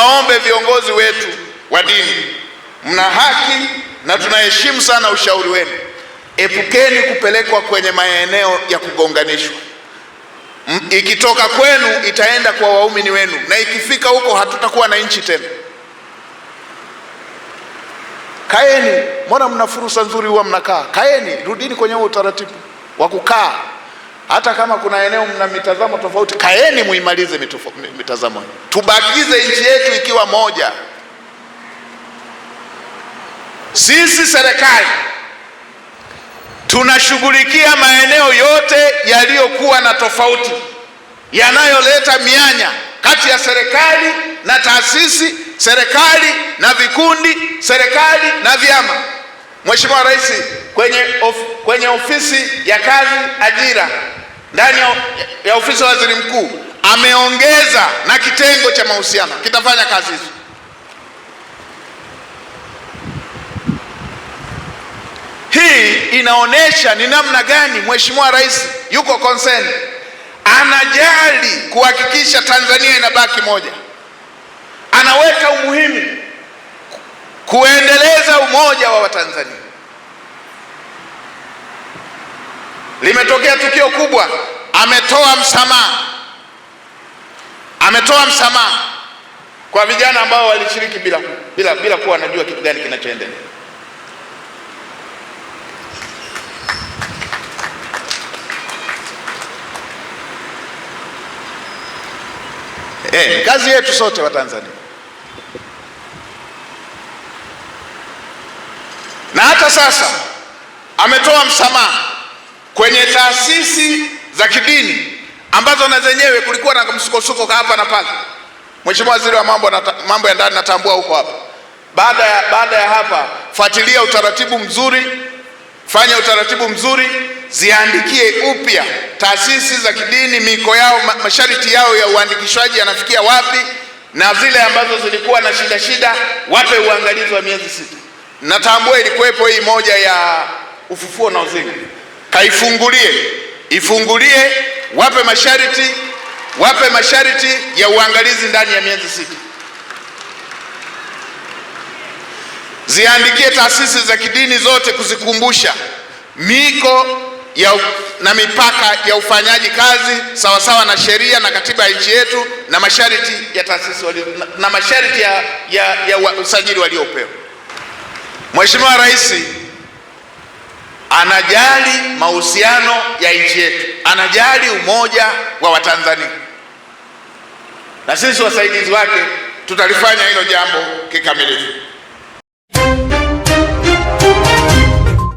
niwaombe viongozi wetu wa dini, mna haki na tunaheshimu sana ushauri wenu. Epukeni kupelekwa kwenye maeneo ya kugonganishwa. Ikitoka kwenu itaenda kwa waumini wenu, na ikifika huko hatutakuwa na nchi tena. Kaeni, mbona mna fursa nzuri, huwa mnakaa. Kaeni, rudini kwenye huo utaratibu wa kukaa. Hata kama kuna eneo mna mitazamo tofauti, kaeni muimalize mitazamo, tubakize nchi yetu ikiwa moja. Sisi serikali tunashughulikia maeneo yote yaliyokuwa na tofauti, yanayoleta mianya kati ya serikali na taasisi, serikali na vikundi, serikali na vyama. Mheshimiwa Rais kwenye, of, kwenye ofisi ya kazi ajira ndani ya, ofisi ya waziri mkuu ameongeza na kitengo cha mahusiano kitafanya kazi hizo. Hii inaonyesha ni namna gani mheshimiwa rais yuko concerned, anajali kuhakikisha Tanzania inabaki moja, anaweka umuhimu kuendeleza umoja wa Watanzania. limetokea tukio kubwa, ametoa msamaha, ametoa msamaha kwa vijana ambao walishiriki bila, bila, bila kuwa wanajua kitu gani kinachoendelea. Eh, kazi yetu sote wa Tanzania na hata sasa ametoa msamaha kwenye taasisi za kidini ambazo na zenyewe kulikuwa na msukosuko hapa na pale. Mheshimiwa Waziri wa mambo, nata, mambo ya ndani natambua huko hapa. Baada ya, baada ya hapa fuatilia utaratibu mzuri, fanya utaratibu mzuri, ziandikie upya taasisi za kidini miko yao, masharti yao ya uandikishwaji yanafikia wapi, na zile ambazo zilikuwa na shida shida wape uangalizi wa miezi sita. Natambua ilikuwepo hii moja ya Ufufuo na Uzima kaifungulie, ifungulie, wape masharti, wape masharti ya uangalizi ndani ya miezi sita, ziandikie taasisi za kidini zote kuzikumbusha miko ya na mipaka ya ufanyaji kazi sawasawa sawa na sheria na katiba ya nchi yetu na masharti ya taasisi na, na masharti ya, ya, ya usajili waliopewa. Mheshimiwa Rais anajali mahusiano ya nchi yetu, anajali umoja wa Watanzania, na sisi wasaidizi wake tutalifanya hilo jambo kikamilifu.